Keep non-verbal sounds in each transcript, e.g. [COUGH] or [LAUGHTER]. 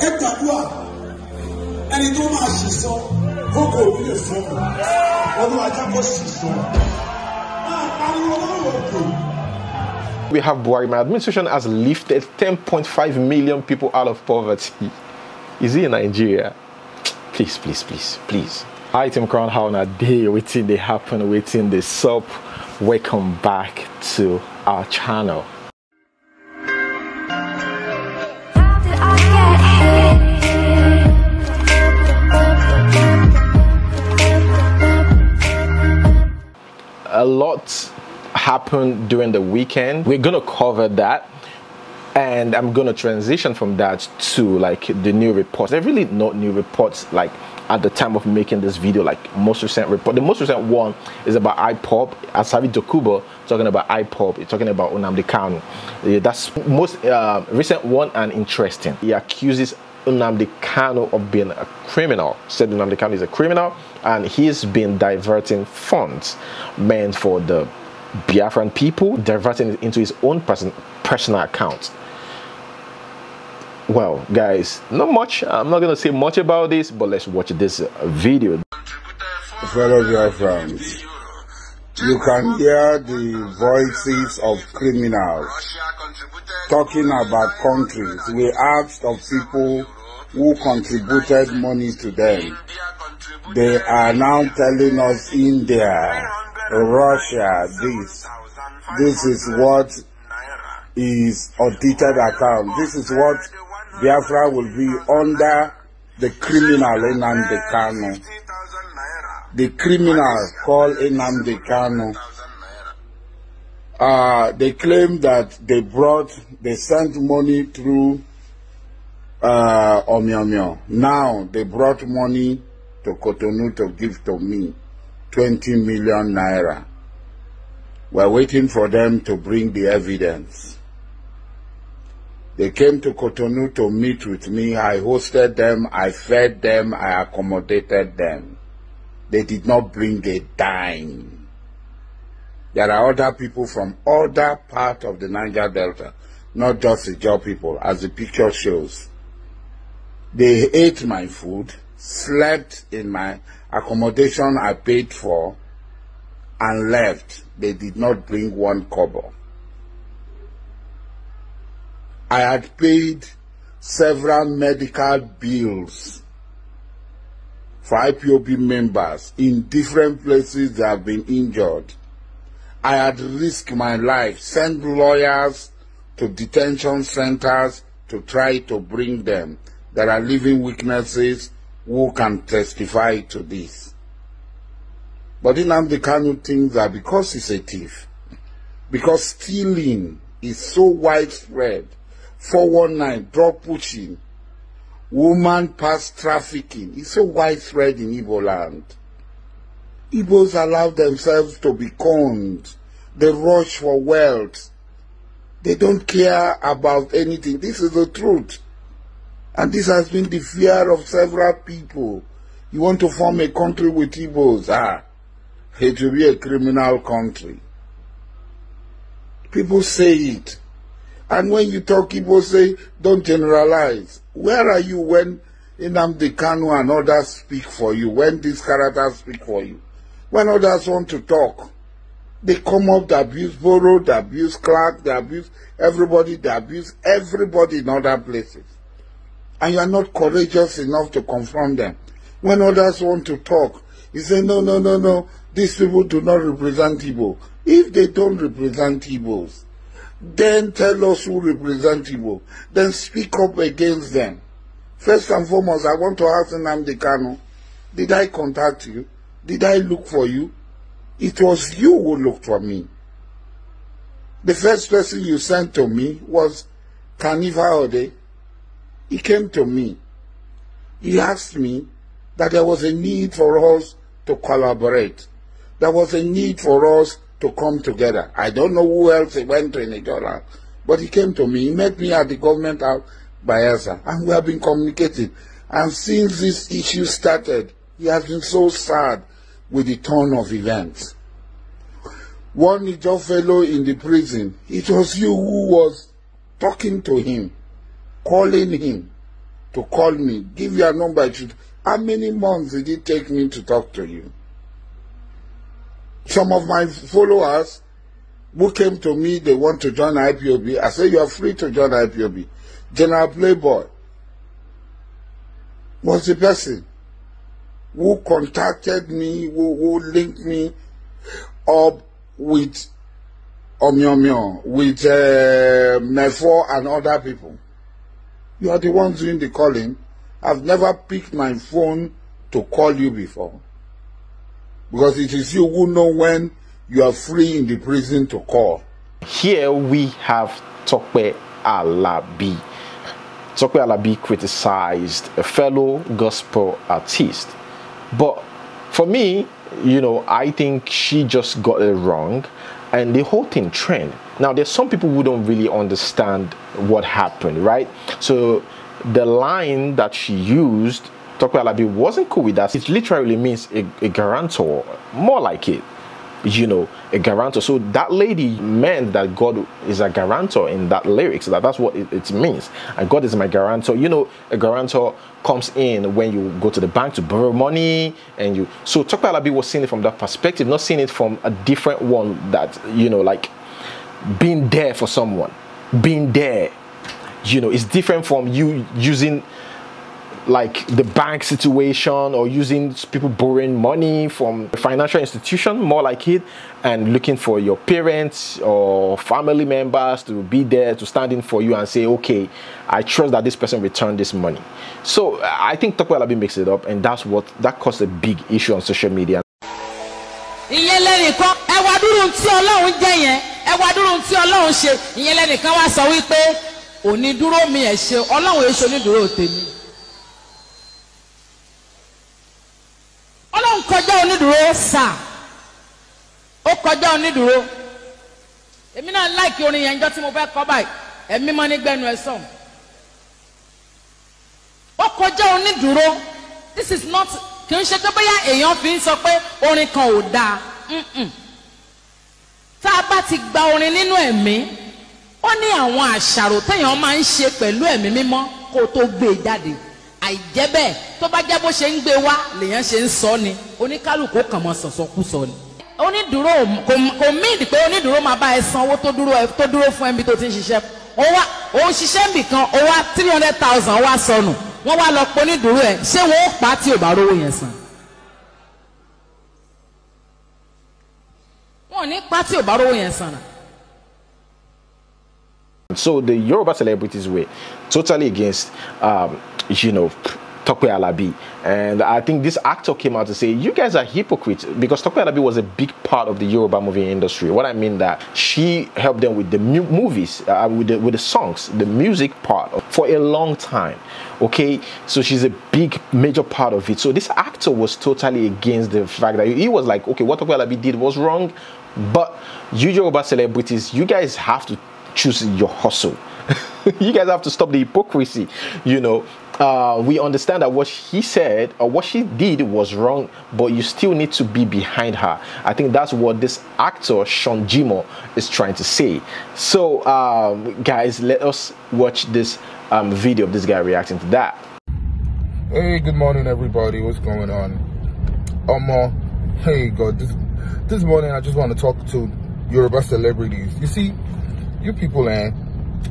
lè We have Buhari. My administration has lifted 10.5 million people out of poverty. Is he in Nigeria? Please, please, please, please. Hi, Tim Crown. How on a day? Waiting, they happen, waiting, they sub? Welcome back to our channel. a lot happened during the weekend. We're gonna cover that and I'm gonna transition from that to like the new reports. They're really not new reports like at the time of making this video, like most recent report. The most recent one is about IPOP. Asavi Dokubo talking about IPOP, He's talking about Unamdi Kanu. Yeah, that's most uh, recent one and interesting. He accuses Unamdi Kanu of being a criminal. Said Unamdi Kanu is a criminal and he's been diverting funds meant for the Biafran people, diverting it into his own personal account. Well, guys, not much. I'm not going to say much about this, but let's watch this video. Fellow Biafrans, you can hear the voices of criminals talking about countries. We asked of people who contributed money to them. They are now telling us India, Russia, this. This is what is audited account. This is what Biafra will be under the criminal Enamde Kano. The criminal called Enamde Kano. Uh, they claim that they brought, they sent money through uh, Omyomyo. Oh, now they brought money to Cotonou to give to me, 20 million naira. We're waiting for them to bring the evidence. They came to Cotonou to meet with me. I hosted them, I fed them, I accommodated them. They did not bring a dime. There are other people from other part of the Niger Delta, not just the job people, as the picture shows. They ate my food, slept in my accommodation I paid for, and left. They did not bring one kobo. I had paid several medical bills for IPOB members in different places that have been injured. I had risked my life, sent lawyers to detention centers to try to bring them. There are living witnesses who can testify to this. But in Nnamdi Kanu thinks that because he's a thief, because stealing is so widespread, 419, drug pushing, woman pass trafficking is so widespread in Igbo land. Igbos allow themselves to be conned. They rush for wealth. They don't care about anything. This is the truth. And this has been the fear of several people. You want to form a country with Igbos? Ah, it will be a criminal country. People say it. And when you talk, people say, don't generalize. Where are you when Inamdi Kanu and others speak for you? When these characters speak for you? When others want to talk, they come up, they abuse Borough, they abuse Clark, they abuse everybody, they abuse everybody in other places and you are not courageous enough to confront them. When others want to talk, you say, no, no, no, no, these people do not represent Igbo. If they don't represent Igbos, then tell us who represent Igbo. Then speak up against them. First and foremost, I want to ask Nnamdi Kanu, did I contact you? Did I look for you? It was you who looked for me. The first person you sent to me was Kaniva Ode he came to me. He asked me that there was a need for us to collaborate. There was a need for us to come together. I don't know who else he went to in Nigeria, but he came to me. He met me at the government house by and we have been communicating. And since this issue started, he has been so sad with the turn of events. One Niger fellow in the prison, it was you who was talking to him calling him to call me, give your number. To, how many months did it take me to talk to you? Some of my followers who came to me, they want to join IPOB. I said, you are free to join IPOB. General Playboy was the person who contacted me, who, who linked me up with Omyomyo, with uh, Mefo and other people. You are the one doing the calling. I've never picked my phone to call you before. Because it is you who know when you are free in the prison to call. Here we have Tokwe Alabi. Tokwe Alabi criticized a fellow gospel artist. But for me, you know, I think she just got it wrong and the whole thing trend now, there's some people who don't really understand what happened, right? So the line that she used, Tokwe Alabi wasn't cool with that. It literally means a, a guarantor, more like it you know a guarantor so that lady meant that god is a guarantor in that lyrics that that's what it, it, means and god is my guarantor you know a guarantor comes in when you go to the bank to borrow money and you so Tokpa Alabi was seeing it from that perspective not seeing it from a different one that you know like being there for someone, being there, you know, it's different from you using like the bank situation or using people borrowing money from a financial institution more like it and looking for your parents or family members to be there to stand in for you and say okay i trust that this person returned this money so i think Tokwe Alabi makes it up and that's what that caused a big issue on social media nínú tí ọlọ́run ṣe ìyẹn lẹ́nìkan wá sọ wípé onídúró mi ẹ̀ ṣe ọlọ́run èso onídúró tèmi. ọlọ́run kọjá onídúró sà ó kọjá onídúró èmi náà láìkí orin yẹn jọ tí mo fẹ́ kọ́ báyìí ẹ̀mí mọ́ nígbẹ́nu ẹ̀ sọ̀n ó kọjá onídúró this is not kì í ṣe pé bóyá èèyàn fi ń sọ pé orin kan ò dáa tá a bá ti gba orin nínú ẹ̀mí ó ní àwọn àṣàrò téèyàn máa ń ṣe pẹ̀lú ẹ̀mí mímọ́ kó o tó gbé e jáde àìjẹ́ bẹ́ẹ̀ tó bá jẹ́ bó ṣe ń gbé e wá lèèyàn ṣe ń sọ ni oníkálukú kàn mọ́ sọ̀sọ́kúsọ ni onídùúró kò míìdì pé onídùúró máa bá ẹ san owó tó dúró fún ẹbí tó ti ń ṣiṣẹ́ ó wá òun ṣiṣẹ́ níbì kan ó wá three hundred thousand ó wá sọnù wọ́n wá lọ pọ̀ onídùúró ẹ̀ ṣé wọ́n ó pa á tí ò bá rówó yẹn san. So the Yoruba celebrities were totally against, um, you know, Tokwe Alabi. And I think this actor came out to say, you guys are hypocrites because Tokwe Alabi was a big part of the Yoruba movie industry. What I mean that she helped them with the movies, uh, with, the, with the songs, the music part for a long time. Okay, so she's a big, major part of it. So this actor was totally against the fact that he was like, okay, what Tokwe Alabi did was wrong but you about celebrities, you guys have to choose your hustle. [LAUGHS] you guys have to stop the hypocrisy. You know, uh, we understand that what he said or what she did was wrong, but you still need to be behind her. I think that's what this actor Sean Jimo is trying to say. So, um, guys, let us watch this um, video of this guy reacting to that. Hey, good morning, everybody. What's going on? um, uh, hey, God, this this morning, I just want to talk to Yoruba celebrities. You see, you people, eh,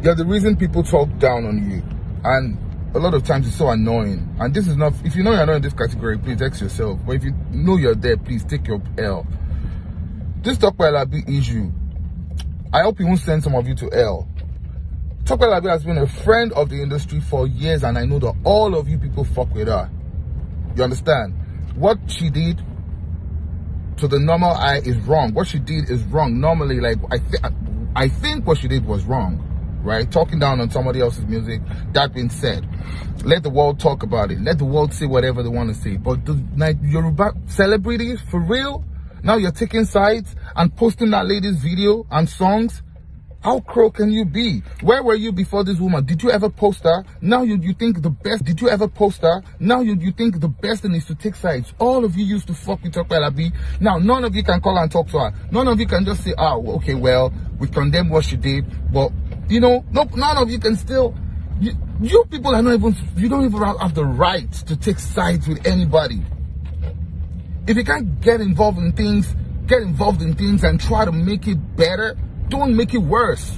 you're the reason people talk down on you. And a lot of times it's so annoying. And this is not, if you know you're not in this category, please text yourself. But if you know you're there, please take your L. This Tokwe Labi issue, I hope you won't send some of you to L. Tokwe Labi has been a friend of the industry for years, and I know that all of you people fuck with her. You understand? What she did so the normal eye is wrong. What she did is wrong. Normally, like, I, I think what she did was wrong right? Talking down on somebody else's music. That being said, let the world talk about it. Let the world see whatever they want to see. But the like, Yoruba celebrities, for real, now you're taking sides and posting that lady's video and songs. How cruel can you be? Where were you before this woman? Did you ever post her? Now you, you think the best. Did you ever post her? Now you, you think the best thing is to take sides. All of you used to fuck with Tokwela B. Now none of you can call and talk to her. None of you can just say, ah, oh, okay, well, we condemn what she did. But, you know, no, none of you can still... You, you people are not even... You don't even have the right to take sides with anybody. If you can't get involved in things, get involved in things and try to make it better don't make it worse.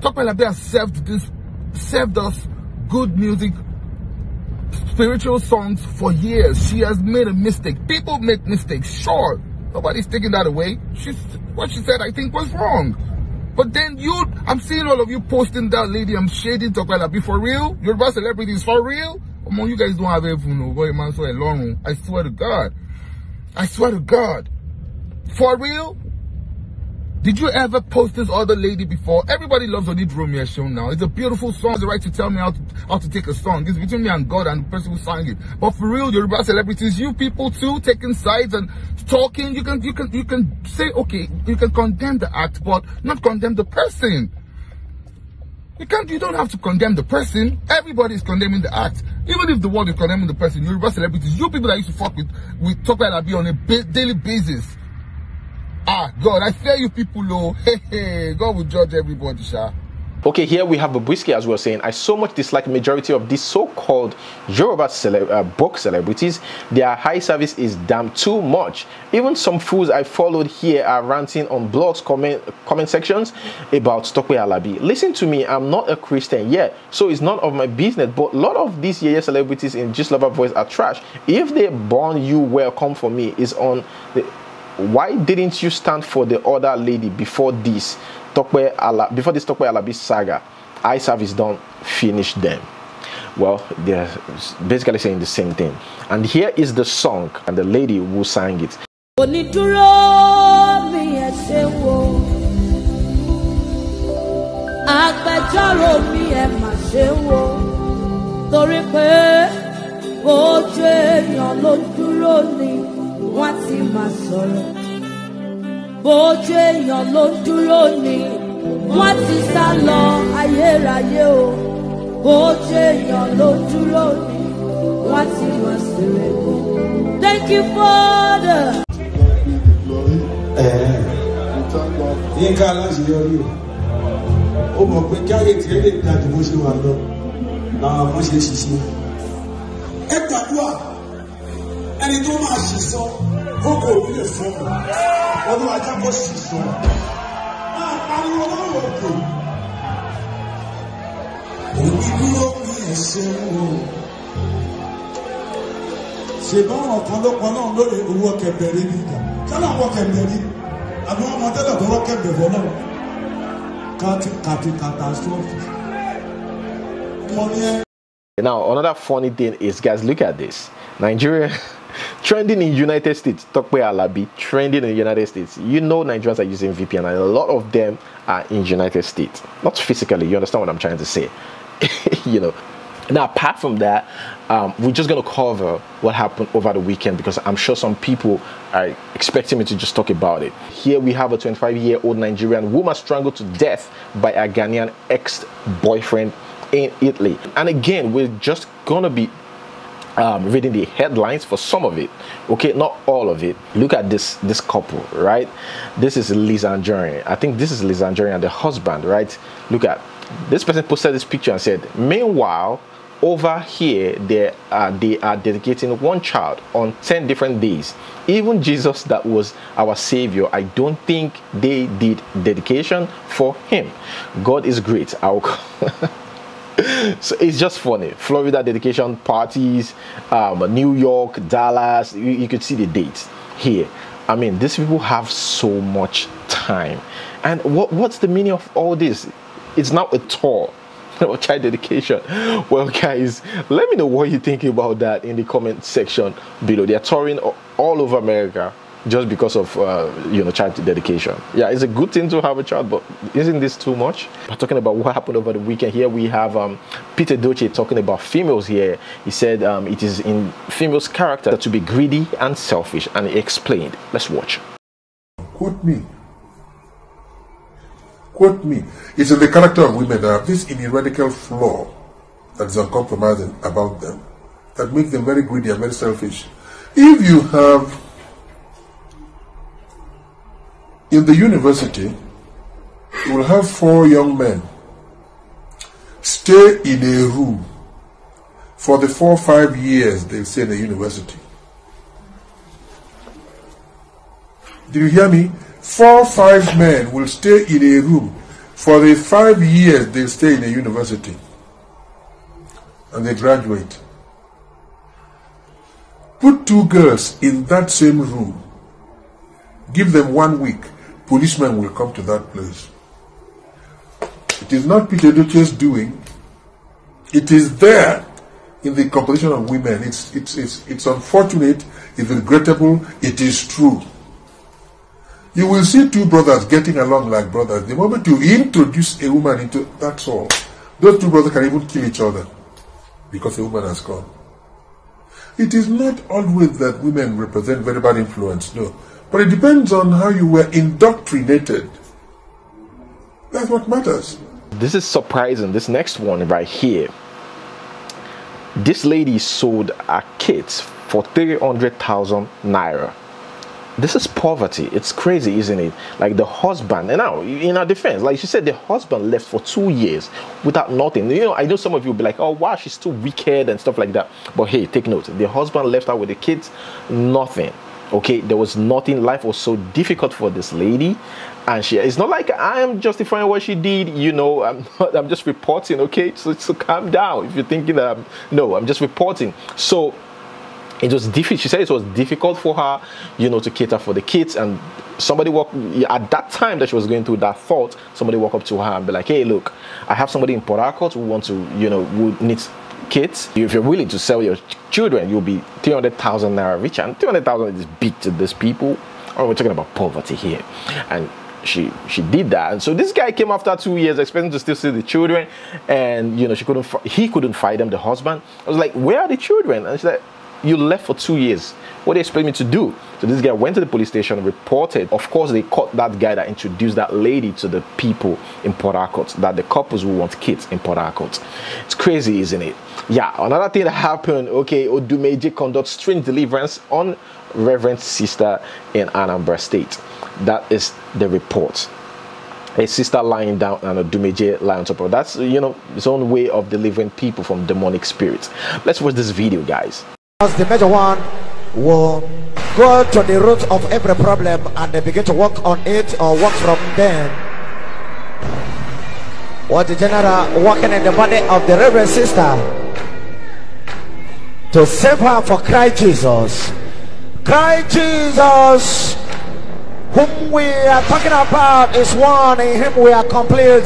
Tokwe has served this, served us good music, spiritual songs for years. She has made a mistake. People make mistakes, sure. Nobody's taking that away. She's, what she said, I think, was wrong. But then you, I'm seeing all of you posting that lady, I'm shading Tokwela. Be for real? Your about celebrities for real? Come on, you guys don't have even no oh. boy, man, so long. Oh. I swear to God. I swear to God. For real? Did you ever post this other lady before? Everybody loves Onid Romeo show now. It's a beautiful song. It's the right to tell me how to, how to take a song. It's between me and God and the person who sang it. But for real, Yoruba celebrities, you people too, taking sides and talking. You can, you can, you can say, okay, you can condemn the act, but not condemn the person. You can't, you don't have to condemn the person. Everybody is condemning the act. Even if the world is condemning the person, Yoruba celebrities, you people that used to fuck with, with Tope be on a ba daily basis, God, I fear you people, oh. [LAUGHS] Hey, hey, God will judge everybody, sha. Okay, here we have Babuski as well saying, I so much dislike majority of these so-called Yoruba cele uh, celebrities. Their high service is damn too much. Even some fools I followed here are ranting on blogs, comment, comment sections about Stokwe Alabi. Listen to me, I'm not a Christian yet, so it's none of my business, but a lot of these Yeye celebrities in Just Lover Voice are trash. If they burn you well, come for me, is on... The, why didn't you stand for the other lady before this Tokwe Ala, before this Tokwe Alabi saga? I service done. finish them. Well, they're basically saying the same thing. And here is the song and the lady who sang it. wọ́n ti máa sọ̀rọ̀. Bójú èèyàn ló dúró ni wọ́n ti sá lọ ayérayé o. Bójú èèyàn ló dúró ni wọ́n ti máa sọ̀rọ̀. Thank you, Father. Yínká aláṣeyọrí o, ó mọ̀ pé kárẹ̀tì rẹ̀ lè dájú bó ṣe wà lọ, làwọn ọmọ ṣe ṣiṣẹ́. Ẹ gbàdúrà ẹni tó máa sì sọ kókò òní lè fún ọ olúwa jẹ́ kó sì sọ máa pariwo lọ́wọ́ òkè òní dúró ní ẹ̀sìn wọn ṣèbá àwọn kan náà lórí owó kẹbẹrẹ ní ìgbà kálá àwọn kẹbẹrẹ àbí wọn máa tẹ́lẹ̀ tọwọ́ kẹbẹrẹ náà kàtí catastrophe. Now, another funny thing is, guys, look at this. Nigeria trending in United States, Tokwe Alabi, trending in United States. You know Nigerians are using VPN and a lot of them are in United States. Not physically, you understand what I'm trying to say. [LAUGHS] you know. Now, apart from that, um, we're just going to cover what happened over the weekend because I'm sure some people are expecting me to just talk about it. Here we have a 25 year old Nigerian woman strangled to death by a Ghanaian ex boyfriend in Italy. And again, we're just going to be um, reading the headlines for some of it. Okay, not all of it. Look at this this couple, right? This is Liz and Jerry. I think this is Liz and Jerry and the husband, right? Look at this person posted this picture and said, meanwhile, over here they are they are dedicating one child on 10 different days even jesus that was our savior i don't think they did dedication for him god is great i will [LAUGHS] so it's just funny. Florida dedication parties, um, New York, Dallas. You, you could see the dates here. I mean, these people have so much time. And what, what's the meaning of all this? It's now a tour [LAUGHS] or child dedication. Well, guys, let me know what you think about that in the comment section below. They're touring all over America just because of uh, you know child dedication. Yeah, it's a good thing to have a child, but isn't this too much? But talking about what happened over the weekend, here we have um, Peter Doce talking about females. Here he said um, it is in females' character to be greedy and selfish, and he explained. Let's watch. Quote me. Quote me. It's in the character of women that have this ineradicable flaw that is uncompromising about them that makes them very greedy and very selfish. If you have in the university, you will have four young men stay in a room for the four or five years they stay in the university. Did you hear me? Four or five men will stay in a room for the five years they stay in a university and they graduate. Put two girls in that same room. Give them one week policemen will come to that place. It is not Peter Duce's doing. It is there in the composition of women. It's, it's, it's, it's unfortunate, it's regrettable, it is true. You will see two brothers getting along like brothers. The moment you introduce a woman into that's all. Those two brothers can even kill each other because a woman has come. It is not always that women represent very bad influence. No, but it depends on how you were indoctrinated. That's what matters. This is surprising. This next one right here. This lady sold her kids for 300,000 naira. This is poverty. It's crazy, isn't it? Like the husband, and now in our defense, like she said, the husband left for two years without nothing. You know, I know some of you will be like, oh, wow, she's too wicked and stuff like that. But hey, take note the husband left her with the kids, nothing okay there was nothing life was so difficult for this lady and she it's not like i am justifying what she did you know i'm [LAUGHS] not, i'm just reporting okay so, so calm down if you're thinking that i'm no i'm just reporting so it was difficult. She said it was difficult for her, you know, to cater for the kids. And somebody walked at that time that she was going through that thought. Somebody walked up to her and be like, "Hey, look, I have somebody in Port Harcourt who wants to, you know, who needs kids. If you're willing to sell your children, you'll be three hundred thousand naira richer. And three hundred thousand is big to these people. Or oh, we're talking about poverty here, and." She she did that, and so this guy came after two years, expecting to still see the children, and you know she couldn't he couldn't find them. The husband, I was like, "Where are the children?" And she's like, you left for two years. What do you expect me to do? So this guy went to the police station, reported. Of course, they caught that guy that introduced that lady to the people in Port Harcourt, that the couples who want kids in Port Harcourt. It's crazy, isn't it? Yeah, another thing that happened, okay, Odumeji conducts strange deliverance on Reverend Sister in Anambra State. That is the report a sister lying down and a dumeje lying on top of her. That's, you know, his own way of delivering people from demonic spirits. Let's watch this video, guys. As the major one will go to the root of every problem and they begin to work on it or work from them. What the general working in the body of the Reverend Sister to save her for Christ Jesus. Christ Jesus, whom we are talking about, is one. In Him we are complete.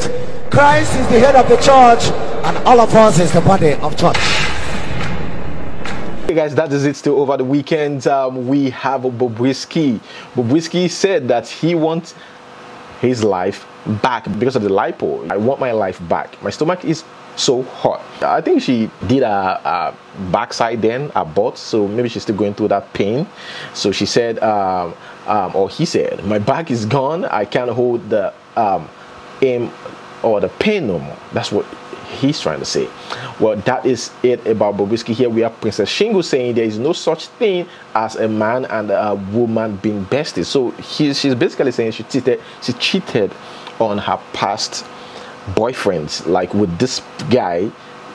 Christ is the head of the church, and all of us is the body of church guys, that is it still over the weekend. Um, we have Bobrisky. Bobrisky said that he wants his life back because of the lipo. I want my life back. My stomach is so hot. I think she did a, a backside then, a butt, so maybe she's still going through that pain. So she said, um, um, or he said, my back is gone. I can't hold the um, aim or the pain no more. That's what he's trying to say. Well, that is it about Bobrisky here. We have Princess Shingo saying there is no such thing as a man and a woman being bested. So he, she's basically saying she cheated, she cheated on her past boyfriends. Like with this guy,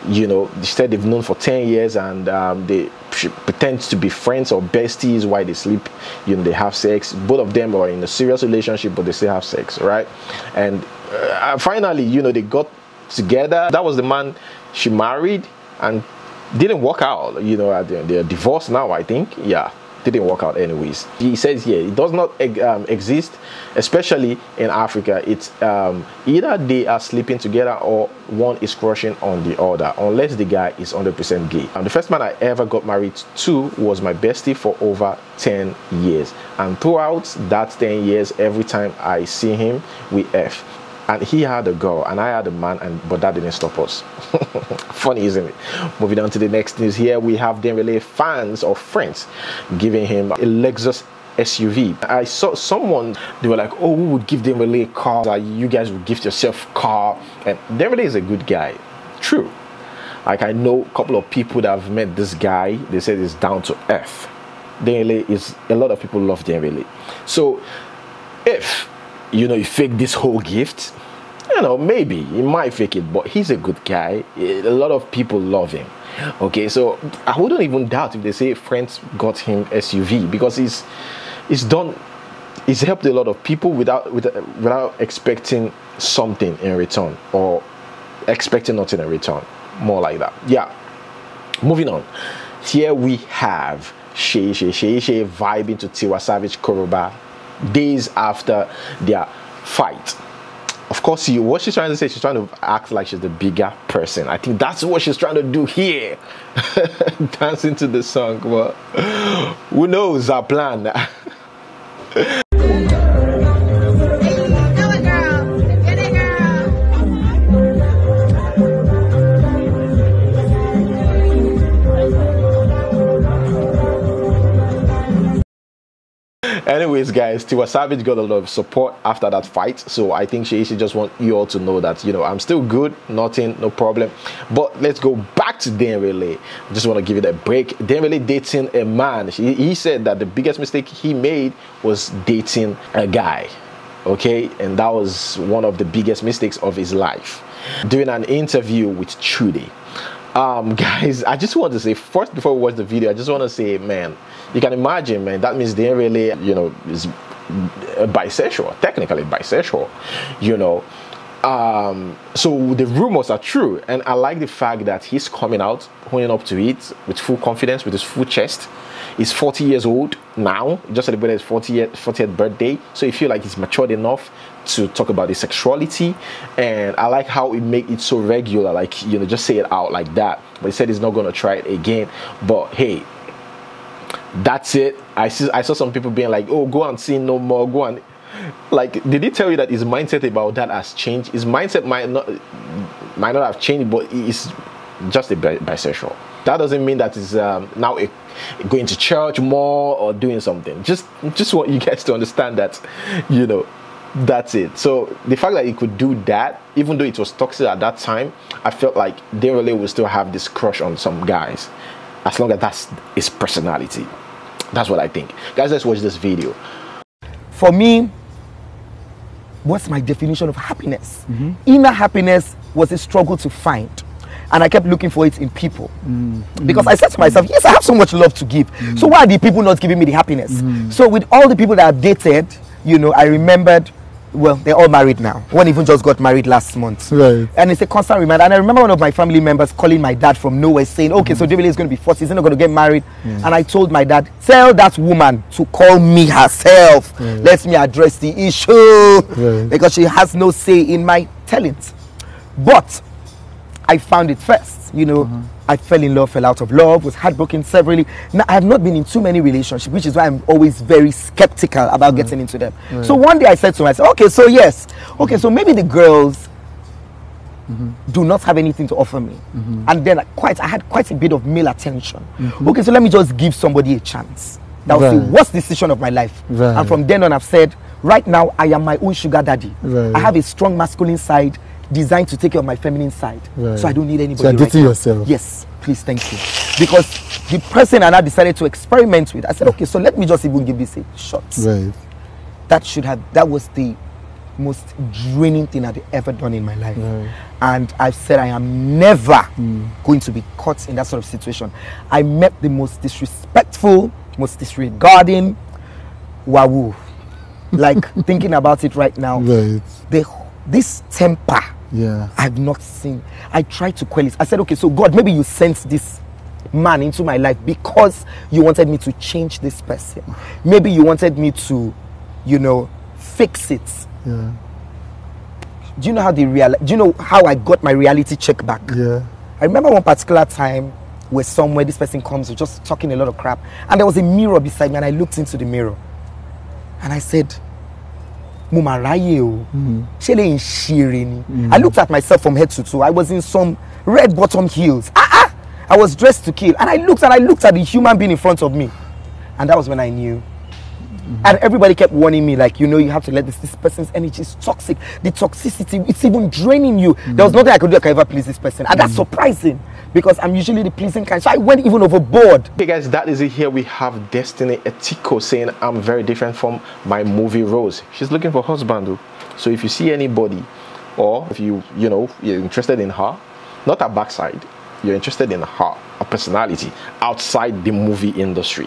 you know, they said they've known for 10 years and um, they pretend to be friends or besties while they sleep. You know, they have sex. Both of them are in a serious relationship, but they still have sex, right? And uh, finally, you know, they got together. That was the man she married and didn't work out. You know, they're divorced now, I think. Yeah, didn't work out anyways. He says yeah, it does not um, exist, especially in Africa. It's um, either they are sleeping together or one is crushing on the other, unless the guy is 100% gay. And the first man I ever got married to was my bestie for over 10 years. And throughout that 10 years, every time I see him, we F and he had a girl and I had a man and but that didn't stop us. [LAUGHS] Funny, isn't it? Moving on to the next news here, we have Dembele fans or friends giving him a Lexus SUV. I saw someone, they were like, oh, we would give Dembele a car, like, you guys would gift yourself a car. And Dembele is a good guy, true. Like I know a couple of people that have met this guy, they said he's down to earth. Dembele is, a lot of people love Dembele. So if you know, you fake this whole gift. You know, maybe he might fake it, but he's a good guy. A lot of people love him. Okay, so I wouldn't even doubt if they say friends got him SUV because he's he's done he's helped a lot of people without without expecting something in return or expecting nothing in return. More like that. Yeah. Moving on. Here we have Shay Shay Shay Shay vibing to Tiwa Savage Koroba days after their fight of course you, what she's trying to say she's trying to act like she's the bigger person i think that's what she's trying to do here [LAUGHS] dancing to the song but who knows our plan [LAUGHS] Anyways, guys, Tiwa Savage got a lot of support after that fight. So I think she just want you all to know that, you know, I'm still good, nothing, no problem. But let's go back to Denrele. Just want to give it a break. Denrele dating a man. He, he said that the biggest mistake he made was dating a guy okay and that was one of the biggest mistakes of his life during an interview with trudy um [LAUGHS] guys i just want to say first before we watch the video i just want to say man you can imagine man that means they really you know is bisexual technically bisexual you know um so the rumors are true and i like the fact that he's coming out holding up to it with full confidence with his full chest he's 40 years old now he just celebrated his 40th, 40th birthday so he feel like he's matured enough to talk about the sexuality and i like how it make it so regular like you know just say it out like that but he said he's not gonna try it again but hey that's it i see i saw some people being like oh go and see no more go and like did he tell you that his mindset about that has changed his mindset might not might not have changed but he's just a bisexual that doesn't mean that um, now a, going to church more or doing something just just want you guys to understand that you know that's it. So the fact that he could do that, even though it was toxic at that time, I felt like Daryl will still have this crush on some guys, as long as that's his personality. That's what I think. Guys, let's watch this video. For me, what's my definition of happiness? Mm -hmm. Inner happiness was a struggle to find. And I kept looking for it in people. Mm -hmm. Because I said to myself, yes, I have so much love to give. Mm -hmm. So why are the people not giving me the happiness? Mm-hmm. So with all the people that I've dated, you know, I remembered well, they're all married now. One even just got married last month. Right. And it's a constant reminder. And I remember one of my family members calling my dad from nowhere saying, okay, mm-hmm. so Jubilee mm. is going to be forced. He's not going to get married. Yes. Mm. And I told my dad, tell that woman to call me herself. Let me address the issue. Because she has no say in my talent. But I found it first, you know. Mm-hmm. I fell in love, fell out of love, was heartbroken severally. Now, I have not been in too many relationships, which is why I'm always very skeptical about mm. getting into them. Mm. So one day I said to myself, okay, so yes, okay, mm-hmm. so maybe the girls Mm-hmm. do not have anything to offer me. Mm-hmm. And then quite, I had quite a bit of male attention. Mm-hmm. Okay, so let me just give somebody a chance. That was right. the worst decision of my life. Right. And from then on, I've said, right now, I am my own sugar daddy. Right. I have a strong masculine side designed to take care of my feminine side. Right. So I don't need anybody. So you're dating right yourself. Yes, please, thank you. Because the person and I decided to experiment with, I said, okay, so let me just even give this a shot. Right. That should have, that was the most draining thing I've ever done in my life. Right. And I've said I am never mm. going to be caught in that sort of situation. I met the most disrespectful, most disregarding wahoo. Like [LAUGHS] thinking about it right now. Right. The, this temper yeah. I've not seen. I tried to quell it. I said, okay, so God, maybe you sent this man into my life because you wanted me to change this person. Maybe you wanted me to, you know, fix it. Yeah. Do you know how the real? Do you know how I got my reality check back? Yeah. I remember one particular time where somewhere this person comes just talking a lot of crap, and there was a mirror beside me, and I looked into the mirror, and I said, mo mà ráyè o mm-hmm. ṣé lè ṣeré ni mm-hmm. i looked at myself from head to toe i was in some red bottom heels ah ah i was dressed to kill and i looked and i looked at the human being in front of me and that was when i knew Mm-hmm. And everybody kept warning me, like, you know, you have to let this. This person's energy is toxic. The toxicity, it's even draining you. Mm-hmm. There was nothing I could do I could ever please this person. And that's mm-hmm. surprising because I'm usually the pleasing kind. So I went even overboard. Hey guys, that is it. Here we have Destiny Etiko saying, I'm very different from my movie roles. She's looking for husband. So if you see anybody or if you, you know, you're interested in her, not her backside, you're interested in her, her personality outside the movie industry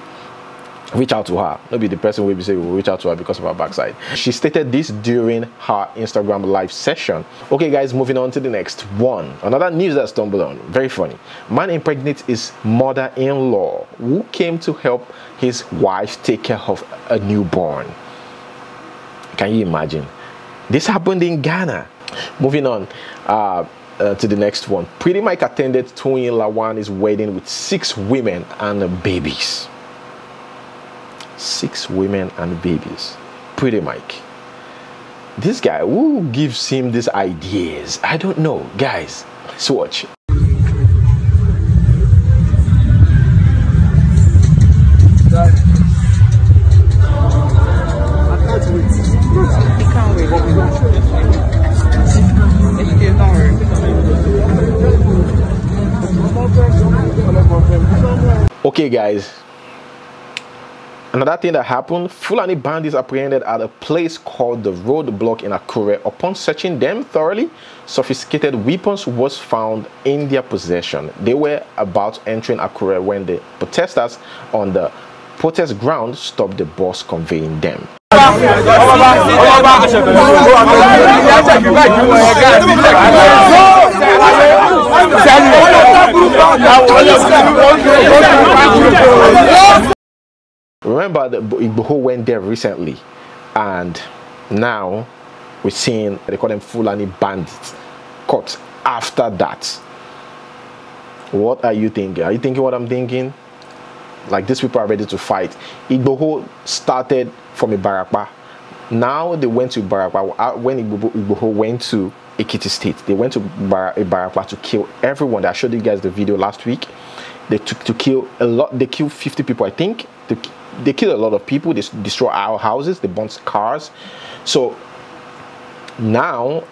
reach out to her. Maybe the person will be say we reach out to her because of her backside. She stated this during her Instagram live session. Okay, guys, moving on to the next one. Another news that stumbled on. Very funny. Man impregnates his mother-in-law who came to help his wife take care of a newborn. Can you imagine? This happened in Ghana. Moving on. Uh, uh, to the next one. Pretty Mike attended Tony Lawani's wedding with six women and uh, babies six women and babies. Pretty Mike. This guy, who gives him these ideas? I don't know. Guys, let's watch. Okay, guys, Another thing that happened, Fulani bandits apprehended at a place called the Roadblock in Akure. Upon searching them thoroughly, sophisticated weapons was found in their possession. They were about entering Akure when the protesters on the protest ground stopped the bus conveying them. Remember that Igboho went there recently and now we're seeing, they call them Fulani bandits, caught after that. What are you thinking? Are you thinking what I'm thinking? Like these people are ready to fight. Igboho started from Ibarapa. Now they went to Ibarapa. Uh, when Igboho went to Ikiti State. They went to Ibarapa to kill everyone. I showed you guys the video last week. They took to kill a lot. They killed 50 people, I think. They they kill a lot of people. They destroy our houses. They burn cars. So now,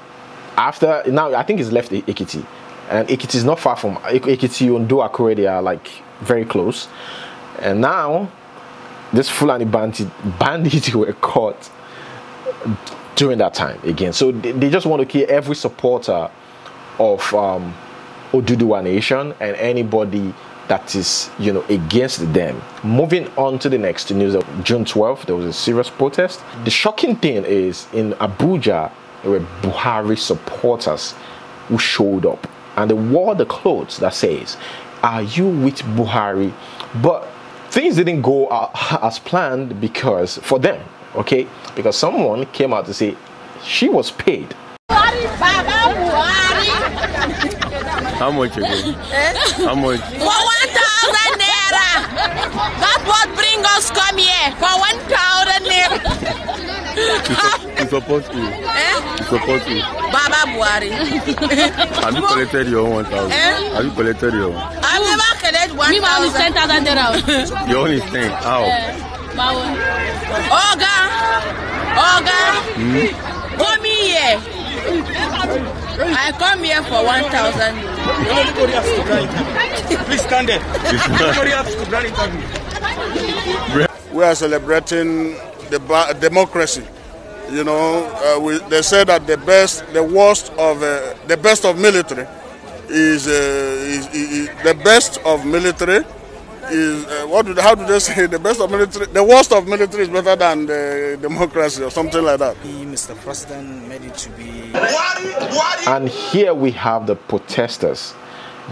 after now, I think it's left Ekiti, and Ekiti is not far from Ekiti. Ondo, Akure, they are like very close. And now, this Fulani bandit bandits [LAUGHS] were caught during that time again. So they, they just want to kill every supporter of um, Oduduwa Nation and anybody that is, you know, against them. Moving on to the next news of June 12th, there was a serious protest. The shocking thing is in Abuja, there were Buhari supporters who showed up and they wore the clothes that says, Are you with Buhari? But things didn't go [LAUGHS] as planned because for them, okay, because someone came out to say she was paid how much you [LAUGHS] How much? That what bring us come here for one thousand naira. to, support you. Eh? To support you. Baba Buhari. [LAUGHS] Have you collected your 1,000? Eh? Have you collected your I never collected 1,000. Me, my own is thousand naira. Your own is 10. How? my eh. own. Oga. Oga. Hmm? Come here. I come here for one 1,000. Please stand there. Everybody [LAUGHS] has to grant We are celebrating the democracy. You know, uh, we, they say that the best, the worst of uh, the best of military is, uh, is, is, is, the best of military is uh, what? Do, how do they [LAUGHS] say the best of military? The worst of military is better than the democracy or something like that. Mr. President made it to be. And here we have the protesters,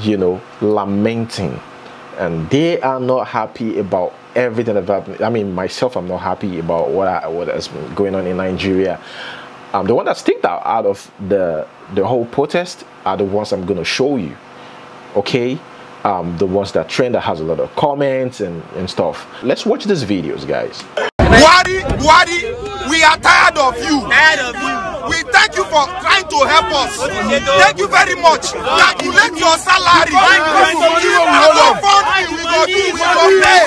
you know, lamenting, and they are not happy about everything that happened. I mean, myself, I'm not happy about what I, what has been going on in Nigeria. Um, the one that sticked out out of the the whole protest are the ones I'm going to show you. Okay, um, the ones that trend that has a lot of comments and and stuff. Let's watch these videos, guys. Buhari, Buhari, we are tired of you. Tired of you. We thank you for trying to help us. Thank you very much. Calculate your salary. Give our fund. We go pay. We go pay.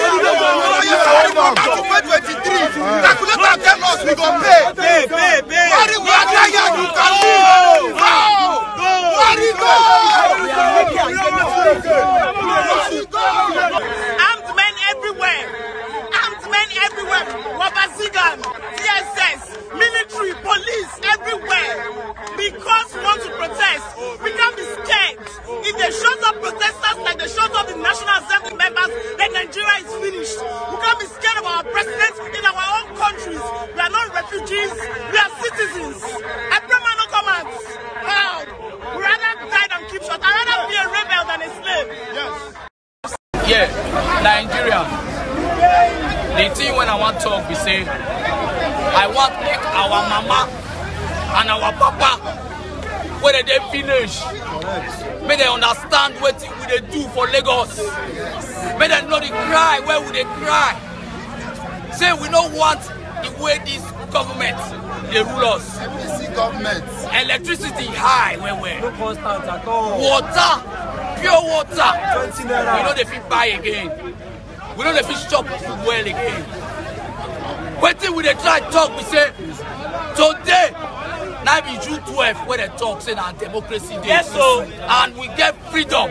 you salary go back to May 23. Calculate and tell us we go pay. Pay, pay, pay. Worry, we are there. You can leave. Go. Worry, go. Armed men everywhere everywhere wabazigan TSS, military police everywhere because we want to protest we can't be scared if they shut up protesters like they shut up the national assembly members then nigeria is finished we can't be scared of our president in our own countries we are not refugees we are citizens i pray my no comments help we rather die than keep shut i rather be a rebel than a slave yes yeah nigeria the thing when I want talk we say I want make our mama and our papa when they finish. May they understand what we they do for Lagos. May they know the cry where would they cry. Say we don't want the way this government they rule us. FDC government. Electricity high where where. No constant at all. Water, pure water. 20 naira. You know they fit buy again we don't dey fit chop well again wetin we dey try talk be say today na be june twelve wey dey talk say na democracy day yes, so. Oh. and we get freedom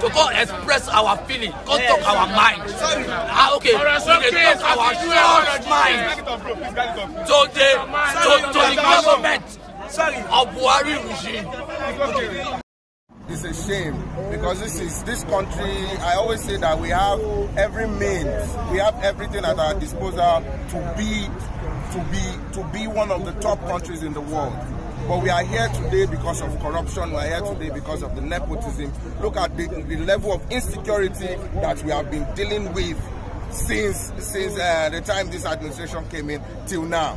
to go express our feeling go yes. talk our mind Sorry. ah okay we dey talk our short mind to the to, to the government of buhari regime. It's a shame because this is this country. I always say that we have every means, we have everything at our disposal to be to be to be one of the top countries in the world. But we are here today because of corruption. We are here today because of the nepotism. Look at the, the level of insecurity that we have been dealing with since since uh, the time this administration came in till now.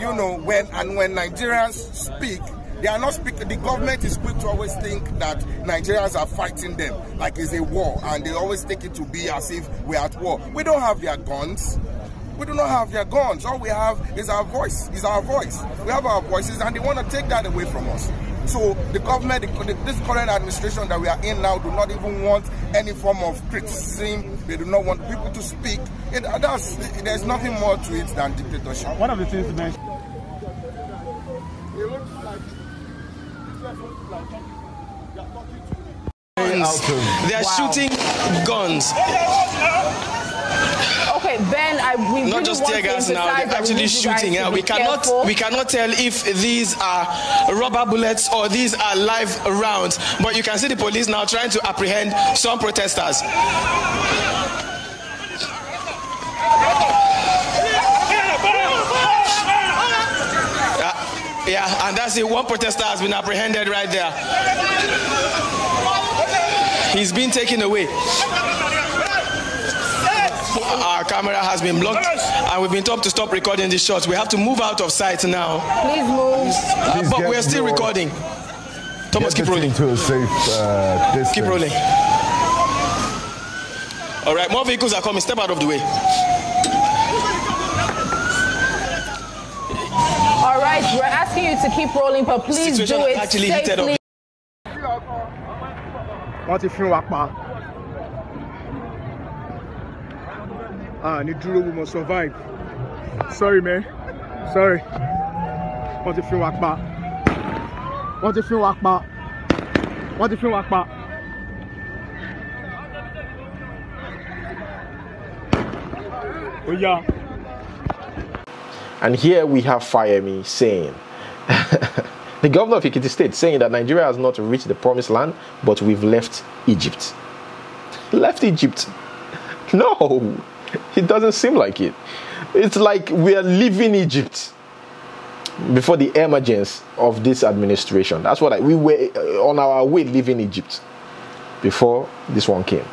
You know, when and when Nigerians speak, they are not speak. the government is quick to always think that Nigerians are fighting them like it's a war, and they always take it to be as if we're at war. We don't have their guns. We do not have their guns. All we have is our voice. Is our voice. We have our voices, and they want to take that away from us. So the government, the, this current administration that we are in now, do not even want any form of criticism. They do not want people to speak. It, that's, there's nothing more to it than dictatorship. One of the things mentioned. guns. They are wow. shooting guns. Okay, Ben, I, we not really just tear gas now. They're actually shooting. Yeah, we cannot careful. we cannot tell if these are rubber bullets or these are live rounds. But you can see the police now trying to apprehend some protesters. Yeah, and that's it. One protester has been apprehended right there. He's been taken away. Our camera has been blocked and we've been told to stop recording this shot. We have to move out of sight now. Please move. Uh, Please but we're still more. recording. Thomas, get keep rolling. To a safe, uh, keep rolling. All right, more vehicles are coming. Step out of the way. All right, we're asking you to keep rolling, but please Situation do it actually safely wọ́n ti you wa pa ah ní dúró we must survive sorry man sorry wọ́n ti you wa pa wọ́n ti you wa pa wọ́n ti you wa pa. Oh, yeah. And here we have Fire Me saying, [LAUGHS] The governor of Ikiti State saying that Nigeria has not reached the promised land, but we've left Egypt. Left Egypt? [LAUGHS] No, it doesn't seem like it. It's like we are leaving Egypt before the emergence of this administration. That's what I, we were uh, on our way leaving Egypt before this one came.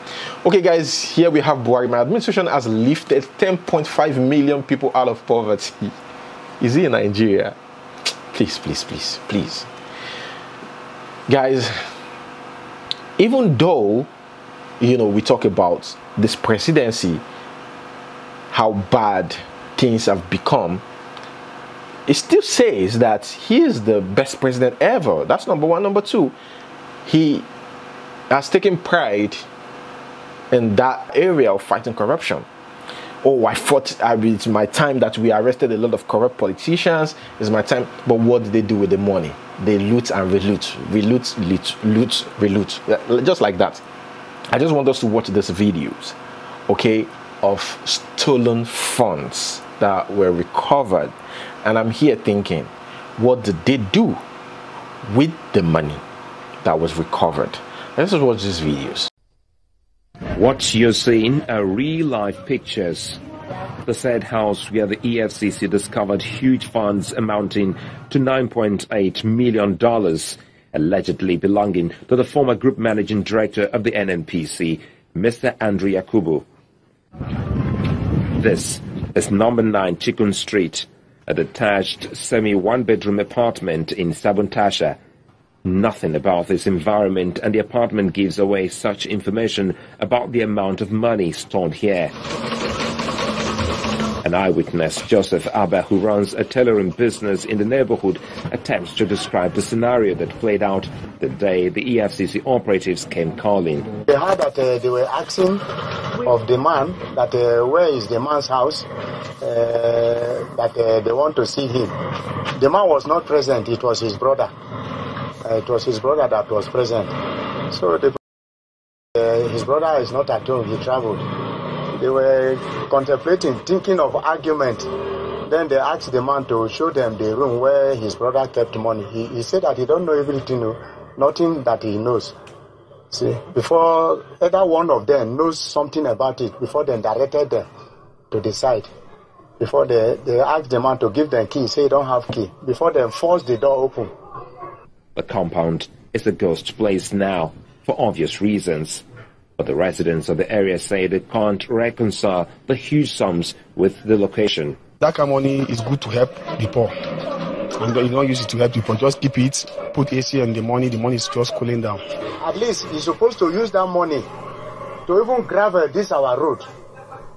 Okay, guys, here we have Buhari. My administration has lifted 10.5 million people out of poverty. Is he in Nigeria? Please, please, please, please. Guys, even though, you know, we talk about this presidency, how bad things have become, it still says that he is the best president ever. That's number one. Number two, he has taken pride in that area of fighting corruption oh, I thought uh, it's my time that we arrested a lot of corrupt politicians, it's my time. But what did they do with the money? They loot and reloot, reloot, loot, loot, reloot, just like that. I just want us to watch these videos, okay, of stolen funds that were recovered. And I'm here thinking, what did they do with the money that was recovered? Let's just watch these videos. What you're seeing are real-life pictures. The said house where the EFCC discovered huge funds amounting to $9.8 million, allegedly belonging to the former group managing director of the NNPC, Mr. Andrew Yakubu. This is number 9 Chikun Street, a detached semi-one-bedroom apartment in Sabuntasha. Nothing about this environment and the apartment gives away such information about the amount of money stored here. An eyewitness, Joseph Abba, who runs a tailoring business in the neighborhood, attempts to describe the scenario that played out the day the EFCC operatives came calling. They heard that uh, they were asking of the man that uh, where is the man's house, uh, that uh, they want to see him. The man was not present, it was his brother it was his brother that was present. So the, uh, his brother is not at home, he traveled. They were contemplating, thinking of argument. Then they asked the man to show them the room where his brother kept money. He, he said that he don't know everything, nothing that he knows. See, before either one of them knows something about it, before they directed them to decide, before they, they asked the man to give them key, say he don't have key, before they force the door open, the compound is a ghost place now, for obvious reasons, but the residents of the area say they can't reconcile the huge sums with the location. That kind of money is good to help the poor. And you don't use it to help people. Just keep it, put AC on the money. The money is just cooling down. At least you're supposed to use that money to even gravel this our road.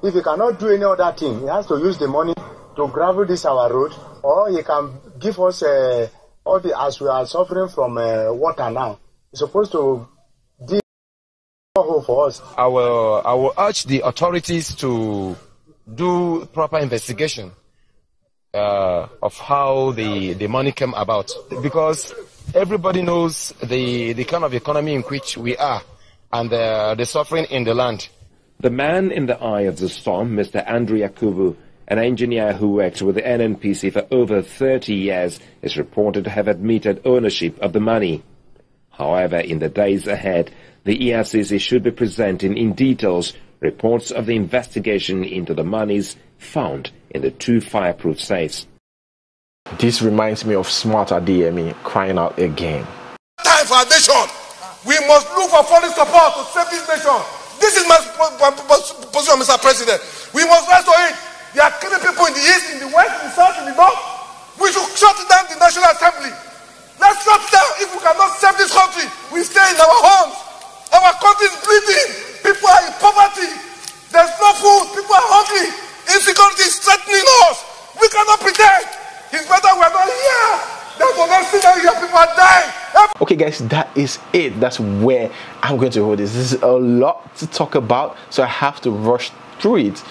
If you cannot do any other thing, he has to use the money to gravel this our road, or he can give us a uh, all the as we are suffering from uh, water now, it's supposed to be for us. I will, I will urge the authorities to do proper investigation uh, of how the, the money came about because everybody knows the, the kind of economy in which we are and the, the suffering in the land. The man in the eye of the storm, Mr. Andrea Kubu, an engineer who worked with the NNPC for over 30 years is reported to have admitted ownership of the money. However, in the days ahead, the EFCC should be presenting in details reports of the investigation into the monies found in the two fireproof safes. This reminds me of Smart DME crying out again. Time for our We must look for foreign support to save this nation. This is my position, Mr. President. We must rise to it. They are killing people in the east, in the west, in the south, in the north. We should shut down the National Assembly. Let's shut down. If we cannot save this country, we stay in our homes. Our country is bleeding. People are in poverty. There's no food. People are hungry. Insecurity is threatening us. We cannot pretend. It's better we're not here. That's the next thing that people are dying. Okay, guys, that is it. That's where I'm going to hold this. This is a lot to talk about, so I have to rush through it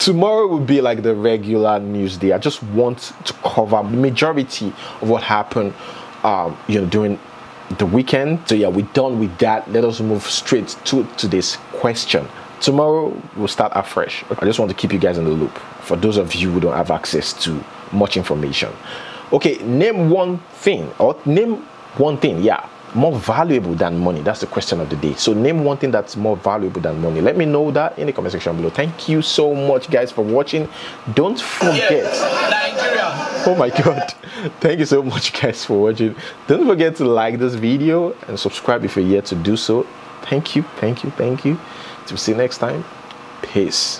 tomorrow will be like the regular news day. I just want to cover majority of what happened, um, you know, during the weekend. So yeah, we're done with that. Let us move straight to today's question. Tomorrow we'll start afresh. I just want to keep you guys in the loop for those of you who don't have access to much information. Okay, name one thing or name one thing. Yeah, more valuable than money? That's the question of the day. So name one thing that's more valuable than money. Let me know that in the comment section below. Thank you so much, guys, for watching. Don't forget. oh my God. [LAUGHS] Thank you so much, guys, for watching. Don't forget to like this video and subscribe if you're yet to do so. Thank you, thank you, thank you. To see you next time. Peace.